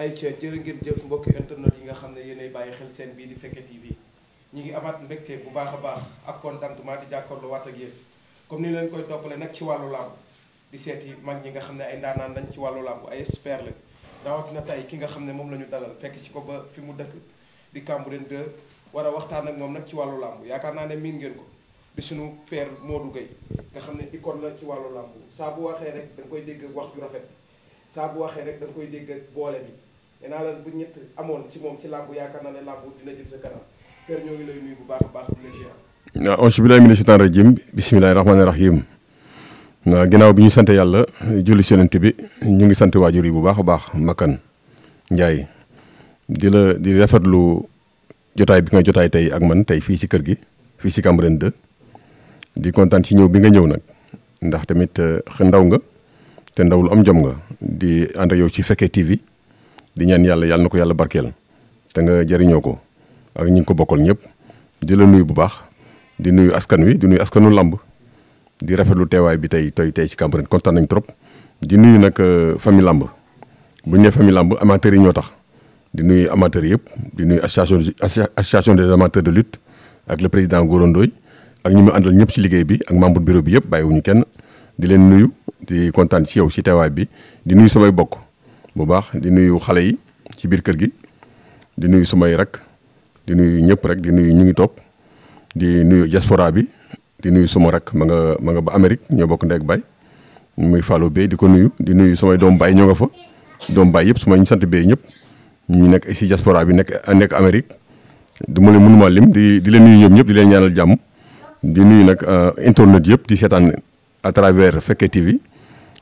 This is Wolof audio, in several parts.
ay ca jërë ngeen fu mbokki internet yi nga xam ne yéenay bàyyi xel seen bii di Fekke TV ñu ngi amaat mbégte bu baax a baax ak contentement di jàkkaarloo waat ak yéen comme ni leen koy toppale nag ci wàllu làmb di seeti mag ñi nga xam ne ay ndaanaan lañ ci wàllu làmb ay expert la rawatina tey ki nga xam ne moom la ñu dalal fekk si ko ba fi mu dëkk di Cambérène 2 war a waxtaan ak moom nag ci wàllu làmbu yaakaar naa ne miin ngeen ko di suñu père Modou Gueye nga xam ne icône la ci wàllu làmb saa bu rek da nga koy dégg wax ju rafet saa waxee rek da koy dégg boole bi nee naa la bu ñett amoon ci moom ci làmb sa kanam Père ñoo ngi lay nuyu bu baax a baax di la ziar. waaw auzu billaahi mina shaytaani rajiim bismillaahi rahmaani rahiim ginnaaw bi ñu sant yàlla julli Yonent bi ñu ngi sant waajur yi bu baax a baax Makan Ndiaye di la di rafetlu jotaay bi nga jotaay tey ak man tey fii ci kër gi fii si Cambérène 2 di kontaan ci ñëw bi nga ñëw nag ndax tamit eh, ndaw nga te ndaw lu am jom nga di ànd yow ci Fekke TV. di ñaan yàlla yàlla na ko yàlla barkeel te nga jëriñoo ko ak ñi ngi ko bokkal ñëpp di la nuyu bu baax di nuyu askan wi di nuyu askanu làmb di rafetlu teewaay bi tey tey tey ci Cambérène kontaan nañ trop di nuyu nag euh, famille làmb bu ñu nee famille làmb ñoo tax di nuyu amateurs yëpp di nuyu association association des amateurs de lutte ak le président Goro Ndoye ak ñi mu àndal ñëpp ci liggéey bi ak membre bureau bi yëpp ñu kenn di leen nuyu di kontaan ci yow ci teewaay bi di nuyu samay bokk. bu baax di nuyu xale yi ci biir kër gi di nuyu sumay rek di nuyu ñëpp rek di nuyu ñu ngi topp di nuyu diaspora bi di nuyu suma rek ma nga ma nga ba Amérique ñoo bokk ndeeg bay muy Fallou be di ko nuyu di nuyu samay doom bay ñoo nga fa doom bay yëpp su ma ñu sant Bey ñëpp ñu nekk si jaspora bi nekk nekk Amérique du ma leen mënuma lim di di leen nuyu ñoom ñëpp di leen ñaanal jàmm di nuyu nag euh, internet yëpp di seetaan à travers Fekke TV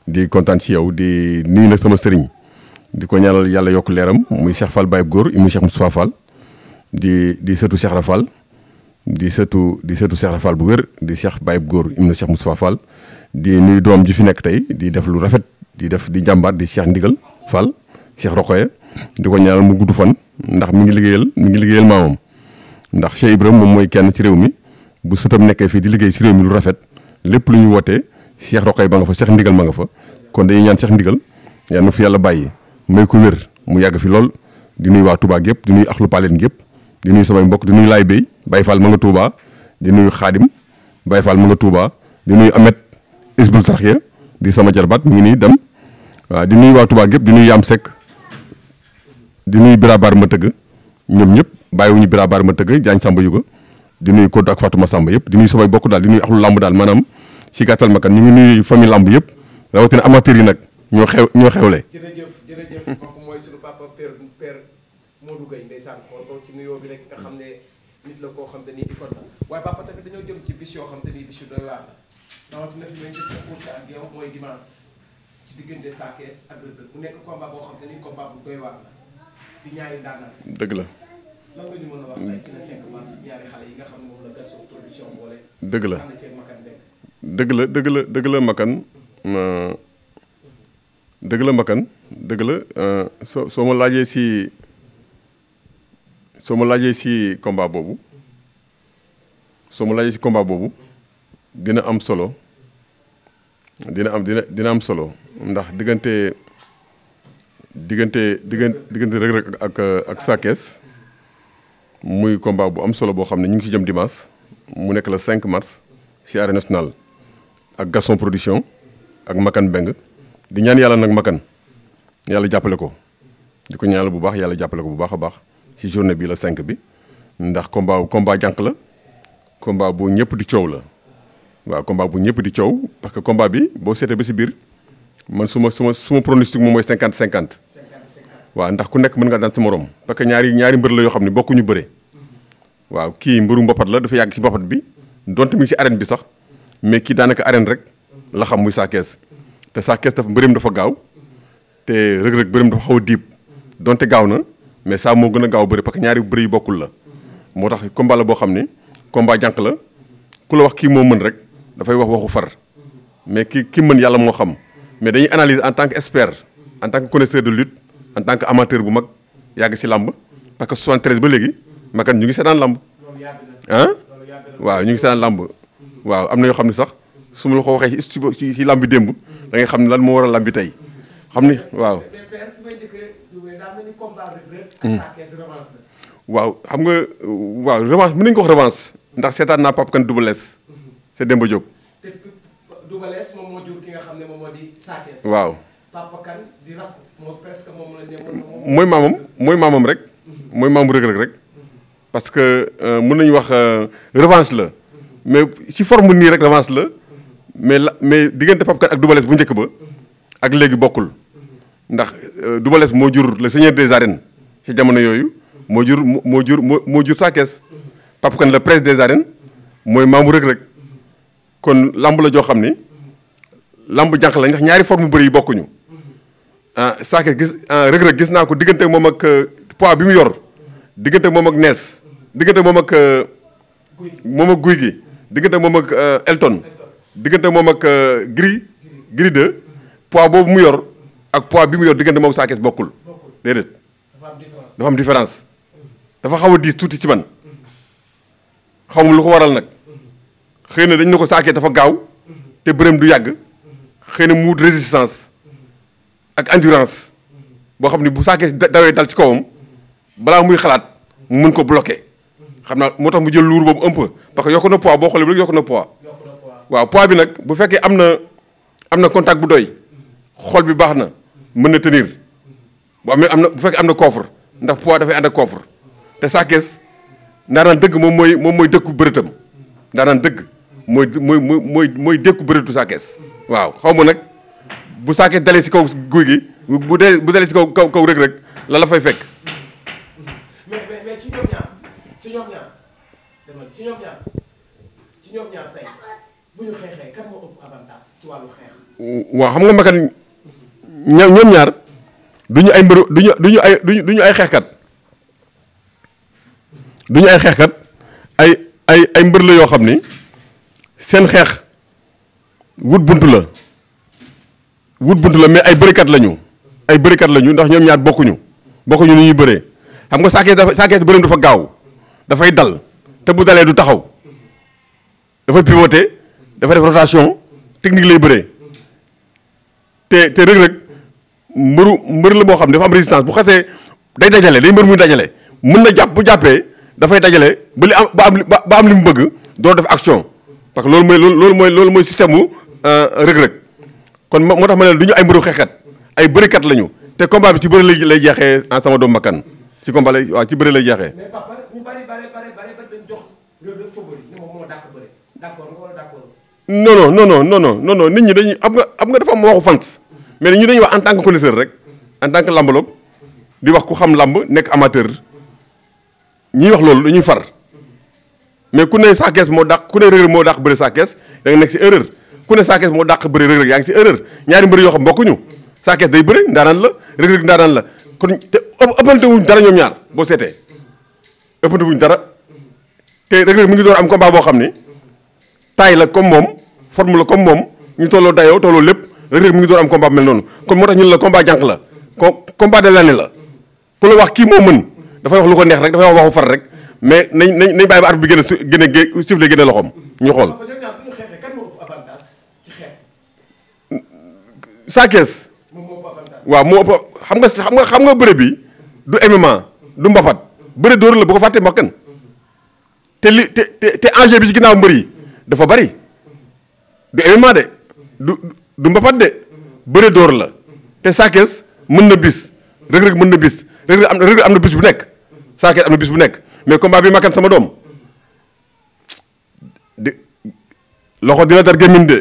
di kontaan si yow di nuyu nag sama sëriñ. di ko ñaanal yàlla yokk leeram muy Cheikh Fall Baye Góor muy Cheikh Moustapha Fall di di sëtu Cheikh di sëtu di sëtu Cheikh bu wér di Cheikh Baye Góor im na Cheikh Moustapha Fall di nuyu doom ji fi nekk tey di def lu rafet di def di jàmbaar di Cheikh Ndigal Fall Cheikh Rokoye di ko ñaanal mu gudd fan ndax mu ngi liggéeyal mu ngi liggéeyal maamam ndax Cheikh Ibrahima moom mooy kenn ci réew mi bu sëtam nekkee fii di liggéey si réew mi lu rafet lépp lu ñu wootee Cheikh Rokoye ba nga fa Cheikh Ndigal ma nga fa kon dañuy ñaan Cheikh Ndigal yaa nu fi yàlla bàyyi may ko wér mu yàgg fi lool di nuy waa tubaak gépp di nuyu axlu paleen gépp di nuyu samay mbokk di nuyu laay bay Baye Fall ma nga Touba di nuyu xaadim Baye Fall ma nga Touba di nuyu Amet Isbul Tarxiya di sama jarbaat mu ngi nii dem waaw di nuyu waa Touba gépp di nuyu Yaam Seck di nuyu Birabar ma tëgg ñoom ñëpp bàyyiwuñu Birabar ma tëgg Jaañ Samba Yuga di nuyu Kodou ak Fatuma Samba yëpp di nuyu samay bokk daal di nuyu axlu làmb daal maanaam si gàttal ma kan ñu ngi nuyu famille làmb yëpp rawatina yi nag ñoo xew ñoo jërëjëf mooy suñu papa père père Modou Gueye ndeysaan xool ci nuyoo bi rek nga xam ne nit koo xam te ni icône la waaye papa tamit ci bis yoo xam te ni bis la rawatina mooy dimanche diggante Sa Thiès ak Reug Reug mu ñaari ndaanaan la lan nga a yi nga xam ne moom la dëgg la dëgg la dëgg la dëgg la makan dëgg la makan dëgg la euh, soo soo ma laajee si soo ma laajee si combat boobu soo ma laajee si combat boobu dina am solo dina am dina dina am solo ndax diggante diggante diggante diggante rek rek ak ak Sa muy combat bu am solo boo xam ne ñu ngi ci jëm dimanche mu nekk le cinq mars ci arène nationale ak Gaston production ak Makan Beng di ñaan yàlla nag Makan. yàlla jàppale ko di ko ñaanal bu baax yàlla jàppale ko bu baax a baax ci journée bi la cinq bi ndax combat combat jànq la combat bu ñëpp di coow la waaw combat bu ñëpp di coow parce que combat bi boo seetee ba si biir man su ma su ma su ma pronostic moom mooy cinquante 50. waaw ndax ku nekk mën nga daan sa morom parce que ñaari ñaari mbër la yoo xam ne bokkuñu bëre waaw kii mbëru mbapat la dafa yàgg ci mbapat bi dont mi ngi ci arène bi sax mais kii daanaka arène rek la xam muy saa te saa kees dafa gaaw. te rëg-rëg bërim dafa xaw a diib donte gaaw na mais saa moo gën a gaaw bëri parce que ñaari bëri yu bokkul la moo tax combat la boo xam ne combat jànq la ku la wax kii moo mën rek dafay wax waxu far mais ki ki mën yàlla moo xam mais dañuy analyse en tant que expert en tant que connaisseur de lutte en tant que amateur bu mag yàgg si làmb parce que 73 ba léegi makan ñu ngi seetaan làmb waaw ñu ngi seetaan làmb waaw am na yoo xam ne sax su ma la ko waxee si si làmb bi démb da ngay xam ne moo war a làmb bi tey xam ni waaw. Hmm. waaw xam nga waaw revanche mun nañ ko wax revanche ndax seetaan naa Pape Kane Double Less hmm. c'est Demba Diop. waaw Pape Kane mooy maamam mooy maamam rek. Hmm. mooy maamu Reug Reug rek. parce que euh, mën nañu wax euh, revanche la. mais si forme nii rek revanche la. mais la mais diggante Pape Kane ak Double bu njëkk ba. ak léegi bokkul ndax euh, Double Less moo jur le seigneur des arènes ci jamono yooyu moo jur moo jur moo jur Sa Thiès Papa Kane le prince des arènes mooy maamu Reug Reug kon lamb la joo xam ni lamb jànq la ndax ñaari forme bëri yi bokkuñu ah gis ah, Reug Reug gis naa ko diggante moom ak euh, pois bi mu yor diggante moom ak nees diggante moom ak euh, moom ak guy gi diggante moom ak Elton diggante moom ak Gris Gris 2 pois boobu mu yor ak pois bi mu yor diggante moom Sa Thiès bokkul déedéet dafa am différence dafa xaw a diis tuuti ci man xaw xawma lu ko waral nag xëy na dañ ne ko saakee dafa gaaw te bërëm du yàgg xëy na mu wut résistance ak endurance boo xam ne bu Sa Thiès dawee dal ci kawam balaa muy xalaat mu mun ko bloqué xam naa moo tax mu jël luur boobu un peu parce que yokk na pois boo xoolee bu rek yokk na poids waaw pois bi nag bu fekkee am na am na contact bu doy xol bi baax na mën na tenir bu amee am na bu fekkee am na coffre ndax poids dafay ànd ak coffre te Sa Thiès ndaanaan dëgg moom mooy moom mooy dëkku bëreetam ndaanaan dëgg mooy mooy mooy mooy dëkku bëreetu Sa Thiès waaw xaw ma nag bu Sa Thiès dalee si kaw guy gi bu dee bu dalee si kaw kaw kaw Reug Reug la fay fekk. mais waaw xam nga makan ñoom ñaar du ñu ay mbër du ñu du ñu ay du ñu ay xeexkat du ñu ay xeexkat ay ay ay mbër la yoo xam ni seen xeex wut bunt la wut bunt la mais ay bërikat lañu ay bërikat lañu ndax ñoom ñaar bokkuñu bokkuñu ni ñuy bëree xam nga saakees sa saakees bëreem dafa gaaw dafay dal te bu dalee du taxaw dafay pivoter dafay def rotation technique lay bëree te te Reug Reug mbëru mbër la moo xam dafa am résistance bu xasee day dajale day mbër muy dajale mën na jàpp bu jàppee dafay dajale ba am ba am ba am li mu bëgg doo def action parce que loolu mooy loolu mooy loolu mooy système mu euh, rëg-rëg kon moo tax ma ne du ñu ay mbëru xeexkat ay bërikat lañu te combat bi ci bëri lay lay jeexee en sama doomu makkan ci combat lay waaw ci bëri lay jeexee. mais papa ñu bari bari nit ñi dañuy am nga am nga dafa am waxu fans mais ñu dañuy wax en tant que connaisseur rek en tant que lambaloog di wax ku xam lamb nekk amateur ñiy wax loolu dañuy far mais ku ne Sa Thiès moo dàq ku ne Reug Reug moo dàq bëri Sa Thiès da nga nekk si ku ne Sa Thiès moo dàq bëri Reug Reug yaa ngi si erreur ñaari mbër yoo xam bokkuñu Sa Thiès day bëri ndaanaan la Reug Reug ndaanaan la kon te ëppante wuñ dara ñoom ñaar boo seetee ëppante wuñ dara te Reug mu ngi door am baa boo xam ni taille la comme moom forme la comme moom ñu tolloo dayoo tolloo lépp Reug Reug mu ngi door am combat mel noonu kon moo tax la combat jànq ko combat de l'année la pour la wax kii moo mën dafay wax lu ko neex rek dafay wax waxu far rek mais nañ nañ nañ bàyyi ba arbitre bi gën a gën a siffle gën a loxoom ñu xool Sa Thiès waaw moo ëpp xam nga xam nga xam nga bëre bi du MMA du mbapat bëre dóor la bu ko fàttee mbakkan te li te te enjeu bi ci ginnaaw mbër yi dafa bari du MMA de du mbapat de bëre door la te saakees mën na bis Reug Reug mën na bis Reug Reug am Reug am na bis bu nekk saakees am na bis bu nekk mais combat bi makan sama doom di loxo dina dar gémmiñ de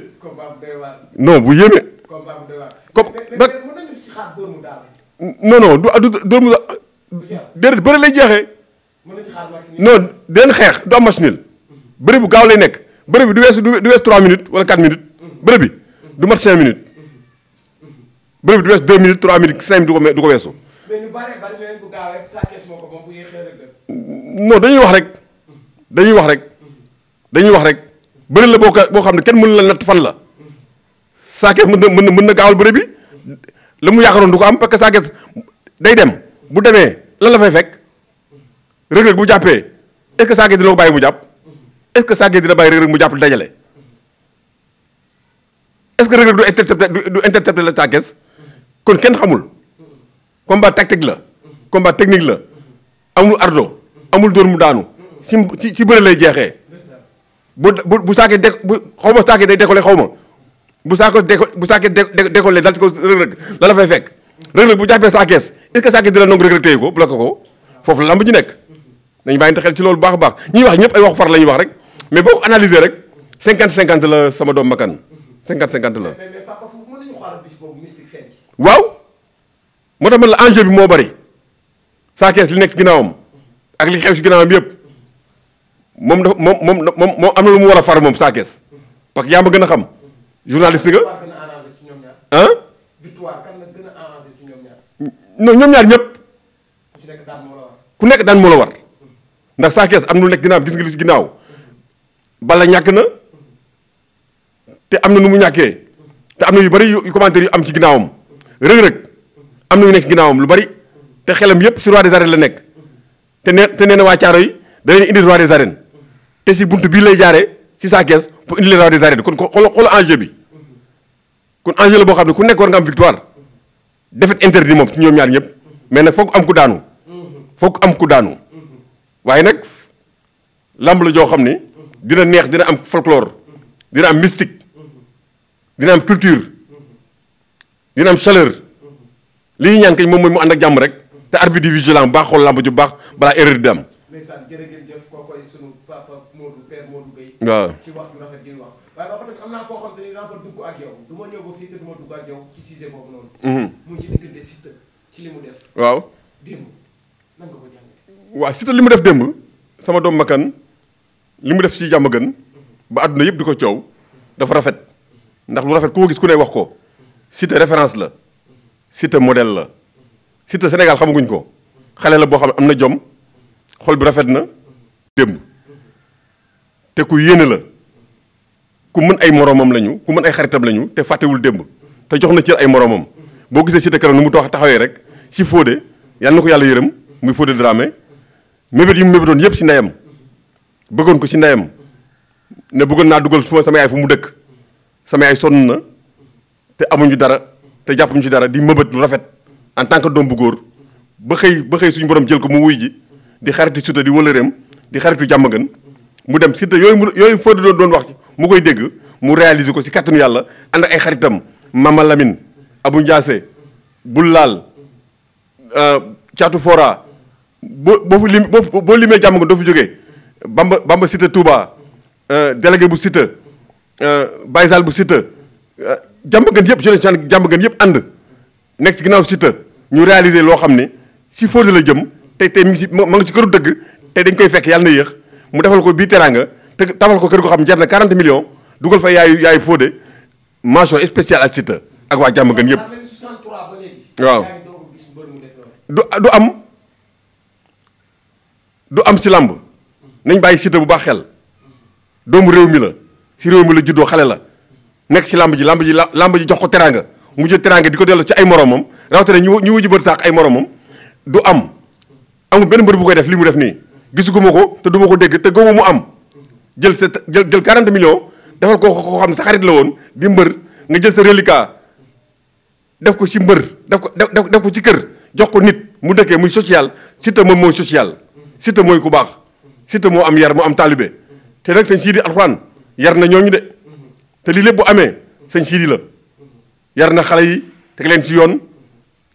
non bu yéeme comme nag non non du du dóor mu déedéet bëri lay jeexee non den xeex du am match nul mhm. bëri bu gaaw lay nekk bëri bi du weesu du weesu minutes wala 4 minutes mhm. bëri bi du mat cinq minutes bëri du wees deux minutes trois minutes du ko du ko weesu. mais ñu bari bari leen bu dañuy wax rek dañuy wax rek dañuy wax rek bëri la boo ko boo xam ne kenn mënu la natt fan la saa mën na mën na mën na gaawal bëri bi la mu yaakaaroon du ko am parce que saa day dem bu demee la la fay fekk Reug Reug bu jàppee est-ce que saa kees dina ko bàyyi mu jàpp est-ce que saa kees dina bàyyi Reug Reug mu jàpp dajale. est-ce que Reug Reug du intercepter du la Sa kon kenn xamul combat tactique la combat technique la amul ardo amul dóor mu daanu ci ci ci bëre lay jeexee bu bu bu Sa de bu xaw ma Sa Thiès day décoller xaw ma Sa Thiès déco bu Sa Thiès décoller dal ci ko Reug Reug la la fay fekk Reug bu jàppee Sa Thiès est-ce que Sa Thiès dina nangu Reug Reug téye ko bloqué ko foofu la lamb ji nekk dañu bàyyi xel ci loolu baax baax ñuy wax ñëpp ay wax far la ñuy wax rek mais boo ko rek cinquante cinquante la sama doom makan cinquante cinquante la. mais mais waaw moo tax man la enjeu bi moo bari Sa Thiès li nekk ci ginnaawam ak li xew ci ginnaawam yëpp moom dafa moom moom moom am na lu mu war a far moom Sa Thiès parce que yaa ma gën a xam journaliste nga. ah. ñoom ñaar. non ku nekk daan moo la war. ndax Sa am na lu nekk ginnaawam gis nga li ci ginnaaw bala ñàkk na. te am na lu mu ñàkkee te am na yu bari yu commentaire yu am ci ginnaawam rëg-rëg am na yu nekk ci ginnaawam lu bëri te xelam yépp si roi des arènes la nekk te ne te nee na waa caaro yi da indi roi des arènes te si bunt bii lay jaaree si saa kees pour indi le roi des arènes kon xool xool enjeu bi kon enjeu la boo xam ne ku nekk war nga am victoire défaite interdit moom si ñoom ñaar ñëpp mais nag foog am ku daanu foog am ku daanu waaye nag lamb la joo xam ne dina neex dina am folklore dina dina am culture dina am chaleur li ñu ñaan kañ moom mooy mu ànd ak jàmm rek te arbitre di vigilant baax xool làmb ju baax balaa erreur di am. waaw ci wax ba tamit ci sujet boobu mhm. li mu def. waaw démb li mu def sama doom Makan li mu def ci jàmm gën ba àdduna yëpp di ko coow dafa rafet. ndax lu rafet koo gis ku ne wax ko Siteu référence la Siteu modèle la Siteu Sénégal xamaguñ ko xale la boo xam ne am na jom xol bi rafet na démb te ku yéene la ku mën ay moromam lañu ku mën ay xaritam lañu te fàttewul démb te jox na ci ay moromam boo gisee Siteu keroog nu mu tax taxawee rek si Fodé yal na ko yàlla yërëm muy Fodé Dramé mébét yi mu mébétoon yëpp si ndeyam bëggoon ko si ndeyam ne bëggoon naa dugal suma sama yaay fu mu dëkk. sama ay sonn na te amuñu dara te jàppuñu ci dara di mëbat lu rafet en tant que doom bu góor ba xëy ba xëy suñu borom jël ko mu wuy ji di xaritu Siteu di wëlëreem di xaritu jàmmagën mu dem Siteu yooyu mu yooyu Fodé doon doon wax mu koy dégg mu réaliser ko si kattanu yàlla ànd ak ay xaritam Mama Lamine Abou Ndiassé bul laal caatu euh, fora boo boo lim boo limee jàmm nga doo fi jógee bamba bamba Siteu Touba euh, délégué bu Siteu Euh, Baye Sall bu Siteu euh, jàmb gën yëpp jeunesse sànq gën yëpp ànd nekk ci ginnaaw Siteu ñu réaliser loo xam ne si Fodé la jëm te tey mi ngi ci ma ngi ci këru dëgg te dañ koy fekk yàlla na yéex mu defal ko bii teraanga te tafal ko kër goo xam ne jar na 40 dugal fa yaayu yaayu Fodé mention spéciale ak Siteu ak waa jàmb gën yëpp. waaw du am du am si làmb nañ bàyyi Siteu bu baax xel doomu réew mi la. si réew mi la juddoo xale la nekk ci làmb ji làmb ji làmb ji jox ko teraanga mu jël teraanga di ko delloo ci ay moromam rawatina ñu ñu wujj bët sax ay moromam du am amul benn mbër bu koy def li mu def nii gisuguma ko te duma ko dégg te góobu mu am jël sa jël jël 40 millions defal ko ko xam sa xarit woon di nga jël sa reliquat def ko ci mbër def ko def def ko ci kër jox ko nit mu dëkkee muy social Siteu moom mooy social Siteu mooy ku baax Siteu moo am yar mu am taalibe te nag sëñ Sidi Alxuraan yar na ñooñu de te lii lépp bu amee sëñ Sidi la yar na xale yi teg leen si yoon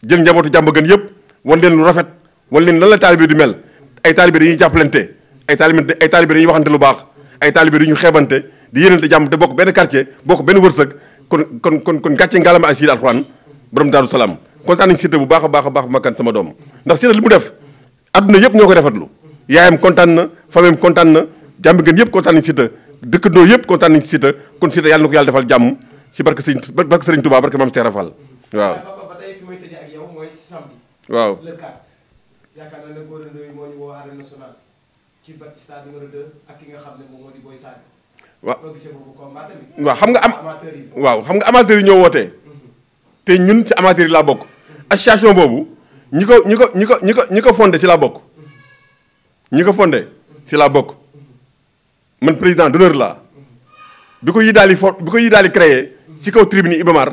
jël njabootu jàmba gën yëpp wan leen lu rafet wan leen lan la taalibe di mel ay taalibe dañuy jàppalante ay taalibe ay taalibe dañuy waxante lu baax ay taalibe dañuy xeebante di yéenante jàmm te bokk benn quartier bokk benn wërsëg kon kon kon kon gàcce ngaalama ay Sidi alxuraan borom daaru salaam kontaan nañ Sidi bu baax a baax baax makkan sama doom ndax Sidi li mu def adduna yëpp ñoo ko rafetlu yaayam kontaan na famem kontaan na jàmbi gën yëpp kontaan nañ dëkk yëpp kontaan kon Siteu yàlla na ko yàlla defal jàmm ci barke sëriñ barke sëriñ Touba Seera Fall waaw. xam ne nga am waaw xam nga amateur yi ñoo wootee. Mhm. te ñun ci amateur yi laa bokk. association boobu ñi ko ñi ko ñi ko ñi ko ñi ko fondé ci laa bokk. Mhm. ñi ko fondé ci laa bokk. man président d'honneur laa bi ko yi daal di fo bi ko yi daal di créé ci kaw tribune Iba Mar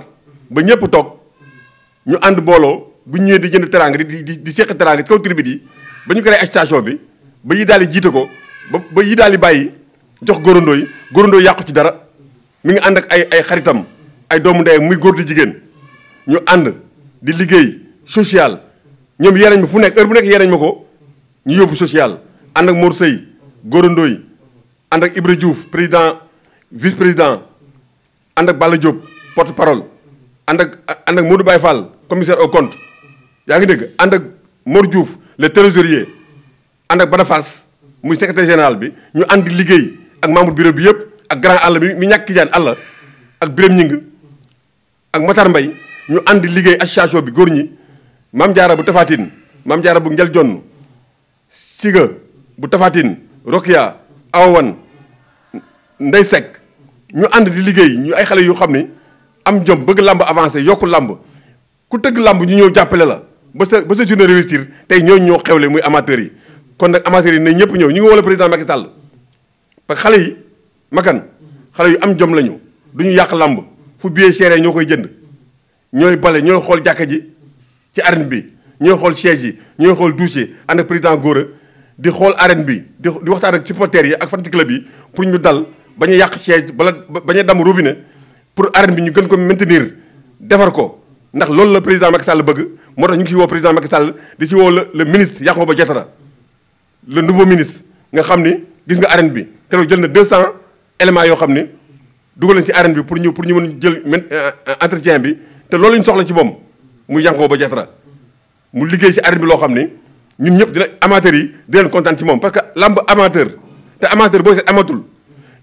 ba ñëpp toog ñu ànd booloo bu ñu ñëwee di jënd teraanga di di di seq teraanga ci kaw tribune yi ba ñu créé station bi ba yi daal di jiite ko ba ba yi daal di bàyyi jox góorandoo yi góorandoo yàqu ci dara mi ngi ànd ak ay ay xaritam ay doomu ndey muy góor di jigéen ñu ànd di liggéey social ñoom yee nañ ma fu nekk heure bu nekk yee ma ko ñu yóbbu social ànd ak Mor Seye góorandoo yi ànd ak Ibra Diouf président vice président ànd ak Balla Diop porte parole ànd ak ànd ak Modou Baye Fall commissaire au yaa ngi dégg ànd ak Mor Diouf le trésorier ànd ak Bada muy secrétaire général bi ñu ànd liggéey ak membre bureau bi yëpp ak grand àll bi mi ñàkk jaan àll ak Birame Ñing ak Matar Mbay ñu ànd liggéey association bi góor ñi Maam Jaara bu Tafatine Maam Jaara bu Njël Jonn Siga bu Tafatine Rokia awawan ndey sekk ñu ànd di liggéey ñu ay xale yu xam ni am jom bëgg làmb avancé yokku làmb ku tëgg làmb ñu ñëw jàppale la ba sa ba sa journée réussir tey ñooñu ñoo xewle muy amateurs yi kon nag amateurs yi nañ ñëpp ñëw ñu ngi wala président Macky parce que xale yi makan xale yu am jom lañu du ñu yàq làmb fu billet cher ñoo koy jënd ñooy bale ñooy xool jàkka ji ci arène bi ñooy xool siège yi ñooy xool douche yi ànd président Gora di xool arène bi di waxtaan ak supporters yi ak fan ci club yi pour ñu dal bañ yàq siège bala bañ a damm robinet pour arène bi ñu gën ko maintenir defar ko ndax loolu la président Macky Sall bëgg moo tax ñu ngi si woo président Macky Sall di si woo le ministre Yankhoba Diattara le nouveau ministre nga xam ni gis nga arène bi keroog jël na 200 éléments yoo xam ni dugal leen si arène bi pour ñu pour ñu mën jël euh, euh, entretien bi te loolu ñu soxla ci moom muy ba Diattara mu liggéey si arène bi loo xam ni ñun ñëpp dina amateur yi di leen kontaan ci parce que lamb amateur te amateur booy seet amatul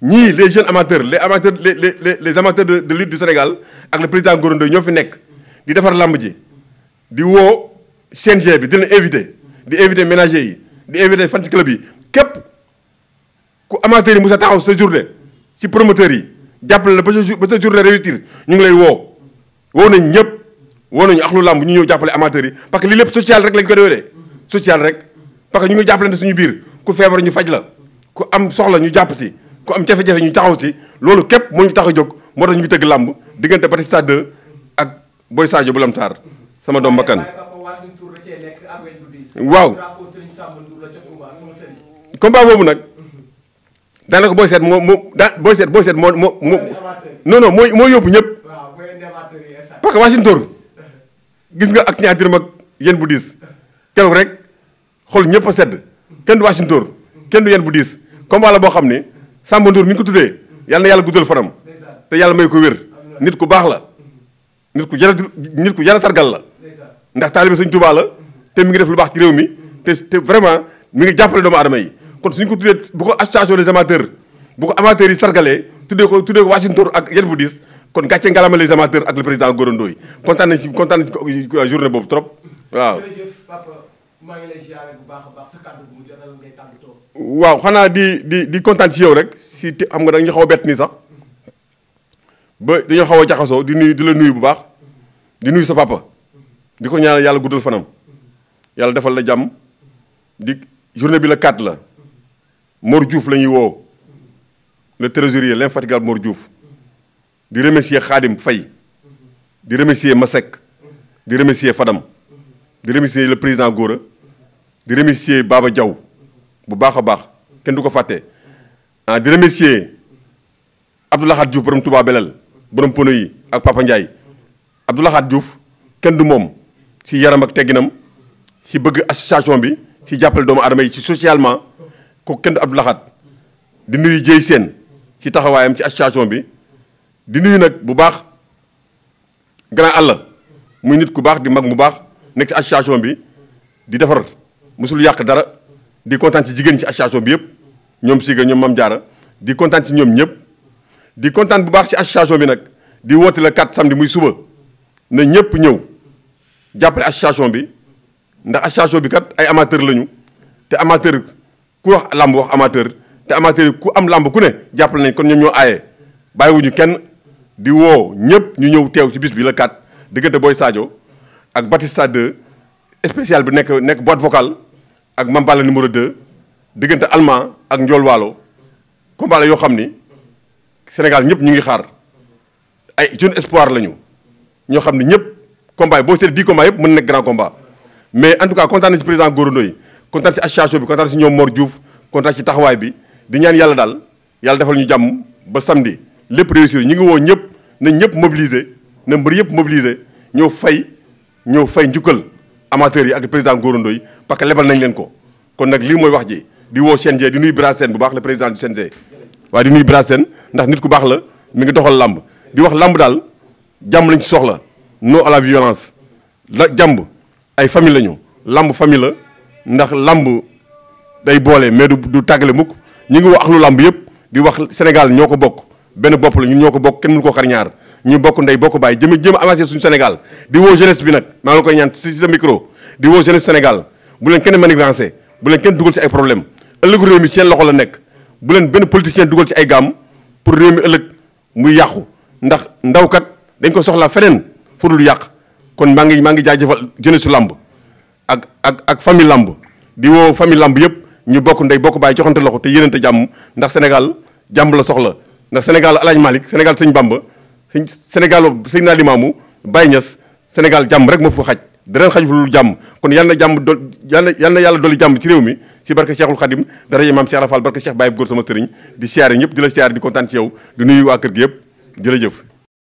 ñii les jeunes amateur les amateurs les les les amateurs de de lutte du Sénégal ak le président Ngor Ndoye ñoo fi nekk di defar lamb ji di woo CNG bi di invité di invité ménager yi di invité fan ci club yi képp ku amateurs yi musa taxaw sa journée ci promoteurs yi jàppale la ba sa jour ba sa ñu ngi lay woo woo nañ ñëpp woo nañu axlu lamb ñu ñëw jàppale amateurs yi parce que lii lépp social rek lañ ko social rek parce que ñu jàppale jàppalante suñu biir ku feebar ñu faj la ku am soxla ñu jàpp si ku am jafe-jafe ñu taxaw si loolu képp moo ñu tax a jóg moo tax ñu ngi tëgg làmb diggante Batista 2 ak Boy Sadio bu Lamtar sama doom bakkan waaw combat boobu nag daanaka booy seet moo moo daan booy seet booy seet moo moo moo non non moo yóbbu ñëpp parce que Washington gis nga ak ñaar dërëm ak yéen bu diis keroog rek xool ñëpp sedd kenn du Washington kenn du yenn bu diis comme la boo xam ne Samba Ndour mi ko tuddee yàlla na yàlla guddal fanam te yàlla may ko wér nit ku baax la nit ku jar nit ku jar sargal la ndax taalibe Sëñ Tuubaa la te mu ngi def lu baax ci réew mi te te vraiment mu ngi jàppale doomu aadama yi kon suñu ko tuddee bu ko association des bu ko amateurs yi sargalee tuddee ko tuddee ko Washington ak yenn bu diis kon gàcce ngalaama les amateurs ak le président Gora Ndoye kontaan nañ si kontaan nañ si journée boobu trop waaw maa ngi a waaw xanaa di di di kontaan ci yow rek si te am nga dañu xaw a bett nii sax ba dañoo xaw a jaxasoo di nuy di la nuyu bu baax di nuy sa papa di ko ñaanal yàlla guddal fanam yàlla defal la jàmm di journée bi la quatre la Mor Diouf lañuy ñuy woo le trésorier l'infatigable Mor Diouf di remercier Khadim fay di remercier Masek di remercier Fadam di remercier le président Gora di remercier Baba jaw bu baax a baax kenn du ko fàtte ah di remercier Abdoulahat Diouf borom Touba Belal borom pono yi ak Papa Ndiaye Abdoulahat kenn du moom ci yaram ak tegginam ci bëgg association bi ci jàppale doomu adama yi ci socialement ko kenn du Abdoulahat di nuyu jëy seen ci taxawaayam ci association bi di nuyu nag bu baax grand àll muy nit ku baax di mag mu baax nekk ci association bi di defar musul yàq dara di kontaan ci jigéen ci association bi yëpp ñoom Siga ñoom Mam Diarra di kontaan ci ñoom ñëpp di kontaan bu baax ci association bi nag di wooti la 4 samedi muy suba na ñëpp ñëw jàppale association bi ndax association bi kat ay amateur lañu te amateur ku wax làmb wax amateur te amateur ku am làmb ku ne jàppale nañ kon ñoom ñoo aaye bàyyiwuñu kenn di woo ñëpp ñu ñëw teew ci bis bi la 4 diggante booy Sadio ak Batista 2 spécial bi nekk nekk boîte vocale ak Mame Balla numéro 2 diggante Allemand ak Ndiol Waalo combat la yoo xam ni Sénégal ñëpp ñu ngi xaar ay jeune espoir lañu ñoo xam ni ñëpp combat yi boo seetee 10 combat yëpp mën na nekk grand combat mais en tout cas kontaan nañ ci président Gora Ndoye kontaan ci association bi kontaan ci ñoom Mor Diouf kontaan ci taxawaay bi di ñaan yàlla daal yàlla defal ñu jàmm ba samedi lépp réussir ñu ngi woo ñëpp nañ ñëpp mobiliser na mbër yëpp mobiliser ñoo fay ñoo fay njukkal. amateurs yi ak président Gora Ndoye parce que lebal nañ leen ko kon nag lii mooy wax ji di woo CNG di nuy Bira bu baax le président du CNG waaye di nuy Bira Sène ndax nit ku baax la mi ngi doxal làmb di wax làmb daal jàmm lañ ci soxla non à la violence la jàmb ay famille lañu làmb famille la ndax làmb day boole mais du du tàggale mukk ñu ngi wax ak làmb yëpp di wax Sénégal ñoo ko bokk benn bopp la ñu ñoo ko bokk kenn mënu koo xar ñaar ñu bokk ndey bokk bàyyi jëm jëm avancé suñu Sénégal di woo jeunesse bi nag maa ngi koy ñaan si sa micro di woo jeunesse Sénégal bu leen kenn manigancé bu leen kenn dugal si ay problème ëllëgu réew mi seen loxo la nekk bu leen benn politicien dugal ci ay gàmm pour réew mi ëllëg muy yàqu ndax kat dañ ko soxla feneen fu dul yàq kon maa ngi maa ngi jaajëfal jeunesse su làmb ak ak ak famille làmb di woo famille làmb yëpp ñu bokk ndey bokk bàyyi joxante loxo te yénente jàmm ndax Sénégal jàmm la soxla ndax Sénégal alaaj Malick Sénégal sëñ Bamba sëñ Sénégal sëñ naa limaamu Baye Niass Sénégal jàmm rek moo fa xaj dara xaj fu jàmm kon yal na jàmm do yal na na yàlla dolli jàmm ci réew mi ci barke Cheikhul Khadim dara yi maam Cheikh Rafal barke Cheikh Baye góor sama sëriñ di siyaare ñëpp di la siyaare di kontaan ci yow di nuyu waa kër gi yëpp jërëjëf